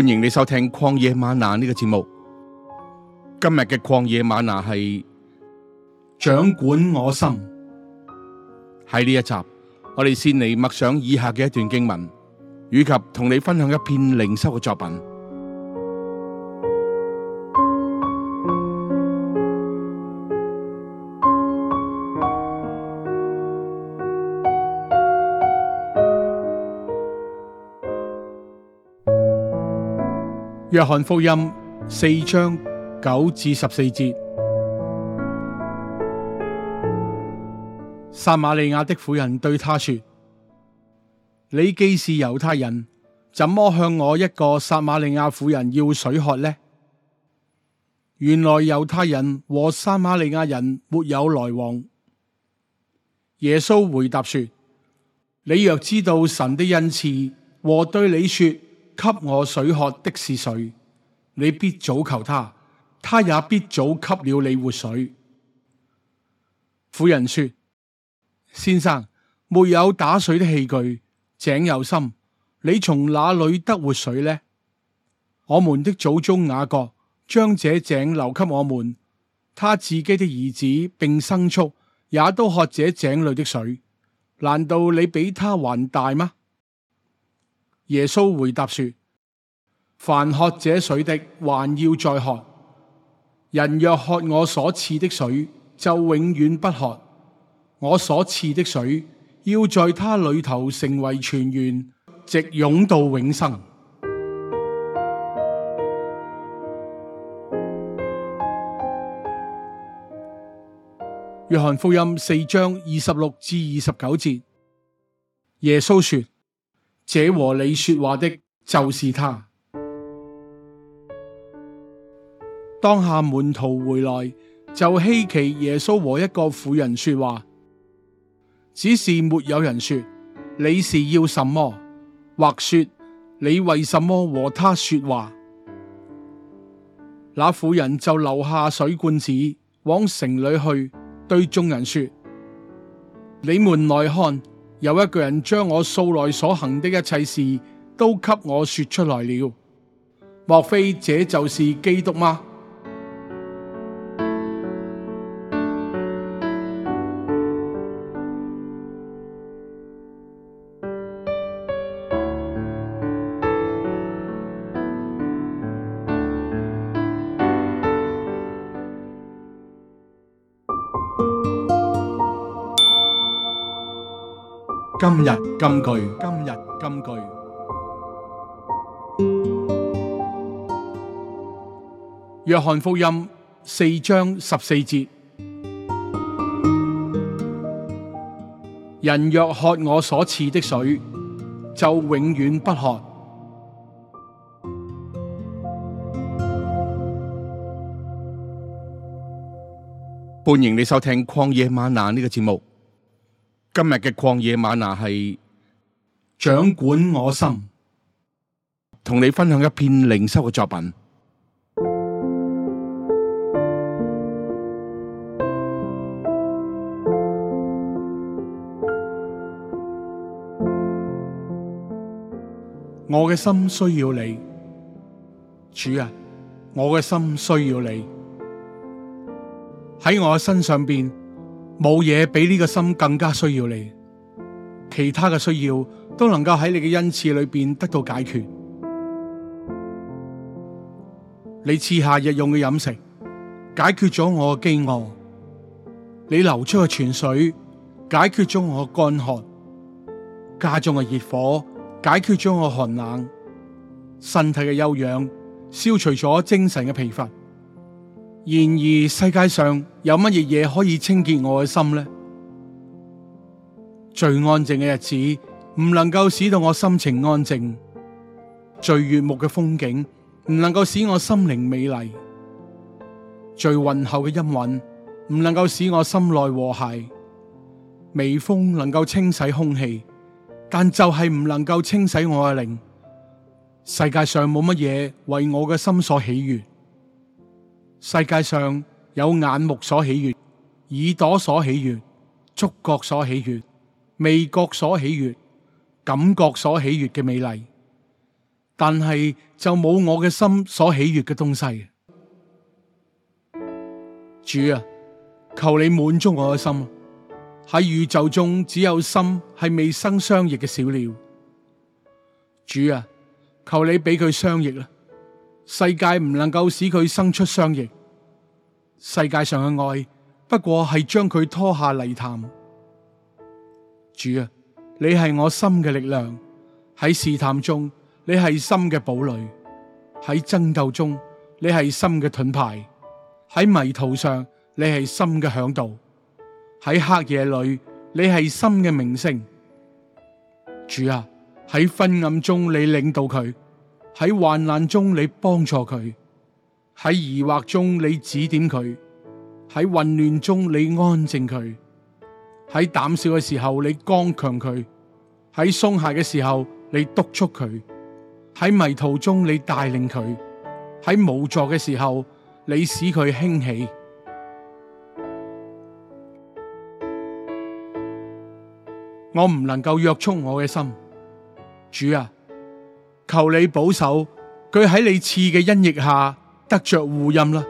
歡迎你收聽曠野嗎哪呢個節目。今日嘅曠野嗎哪係掌管我心，喺呢一集，我哋先嚟默想以下嘅一段經文，以及同你分享一篇靈修嘅作品。約翰福音四章九至十四節，撒瑪利亞的婦人對他說：你既是猶太人，怎麼向我一個撒瑪利亞婦人要水喝呢？原來猶太人和撒瑪利亞人沒有來往。耶穌回答說：你若知道神的恩賜和對你說。給我水喝的是誰，你必早求他，他也必早給了你活水。婦人說：先生，沒有打水的器具，井又深，你從哪裏得活水呢？我們的祖宗雅各將這井留給我們，他自己的兒子並牲畜也都喝這井裏的水。難道你比他還大嗎？耶穌回答說：凡喝這水的，還要再喝；人若喝我所賜的水，就永遠不渴。我所賜的水，要在他裏頭成為泉源，直湧到永生。約翰 福音四章二十六至二十九節，耶穌說。這和你說話的，就是他。當下門徒回來，就稀奇耶穌和一個婦人說話，只是沒有人說你是要什麼，或說你為什麼和他說話。那婦人就留下水罐子，往城裏去，對眾人說：你們來看。有一個人將我素來所行的一切事都給我說出來了，莫非這就是基督嗎？今日金句，今日金句。約翰福音四章十四節：人若喝我所賜的水，就永遠不渴。歡迎你收聽曠野嗎哪呢個節目。今日嘅曠野嗎哪係掌管我心，同你分享一篇靈修嘅作品。我嘅心需要你，主啊，我嘅心需要你喺我嘅身上邊。冇嘢比呢個心更加需要你，其他嘅需要都能夠喺你嘅恩賜裏邊得到解決。你賜下日用嘅飲食，解決咗我嘅飢餓；你流出嘅泉水，解決咗我嘅乾渴；家中嘅熱火，解決咗我嘅寒冷；身體嘅休養，消除咗精神嘅疲乏。然而世界上有乜嘢嘢可以清潔我嘅心呢？最安靜嘅日子唔能夠使到我心情安靜，最悅目嘅風景唔能夠使我心靈美麗，最渾厚嘅音韻唔能夠使我心內和諧。微風能夠清洗空氣，但就係唔能夠清洗我嘅靈。世界上冇乜嘢為我嘅心所喜悅。世界上有眼目所喜悅、耳朵所喜悅、觸覺所喜悅、味覺所喜悅、感覺所喜悅嘅美麗，但係就冇我嘅心所喜悅嘅東西。主啊，求你滿足我嘅心。喺宇宙中只有心係未生雙翼嘅小鳥。主啊，求你俾佢雙翼啦。世界唔能夠使佢生出雙翼，世界上嘅愛不過係將佢拖下泥潭。主啊，你係我心嘅力量，喺試探中你係心嘅堡壘，喺爭鬥中你係心嘅盾牌，喺迷途上你係心嘅嚮導，喺黑夜裏你係心嘅明星。主啊，喺昏暗中你領導佢。喺患難中你幫助佢，喺疑惑中你指點佢，喺混亂中你安靜佢，喺膽小嘅時候你剛強佢，喺鬆懈嘅時候你督促佢，喺迷途中你帶領佢，喺無助嘅時候你使佢興起。我唔能夠約束我嘅心，主啊！求你保守佢喺你賜嘅恩益下得着護蔭啦。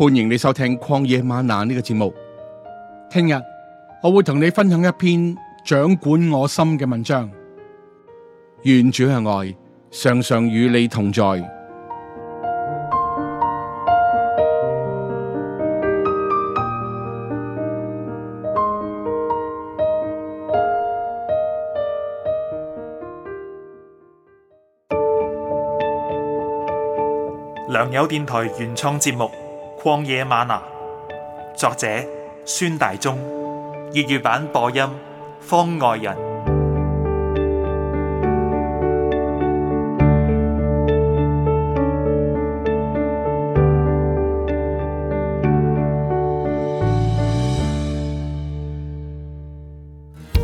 歡迎你收聽曠野嗎哪呢個節目。聽日我會同你分享一篇掌管我心嘅文章。願主嘅愛常常與你同在。良友電台原創節目。曠野嗎哪，作者孫大中，粵語版播音方外人，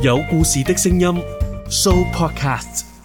有故事的聲音 show podcast。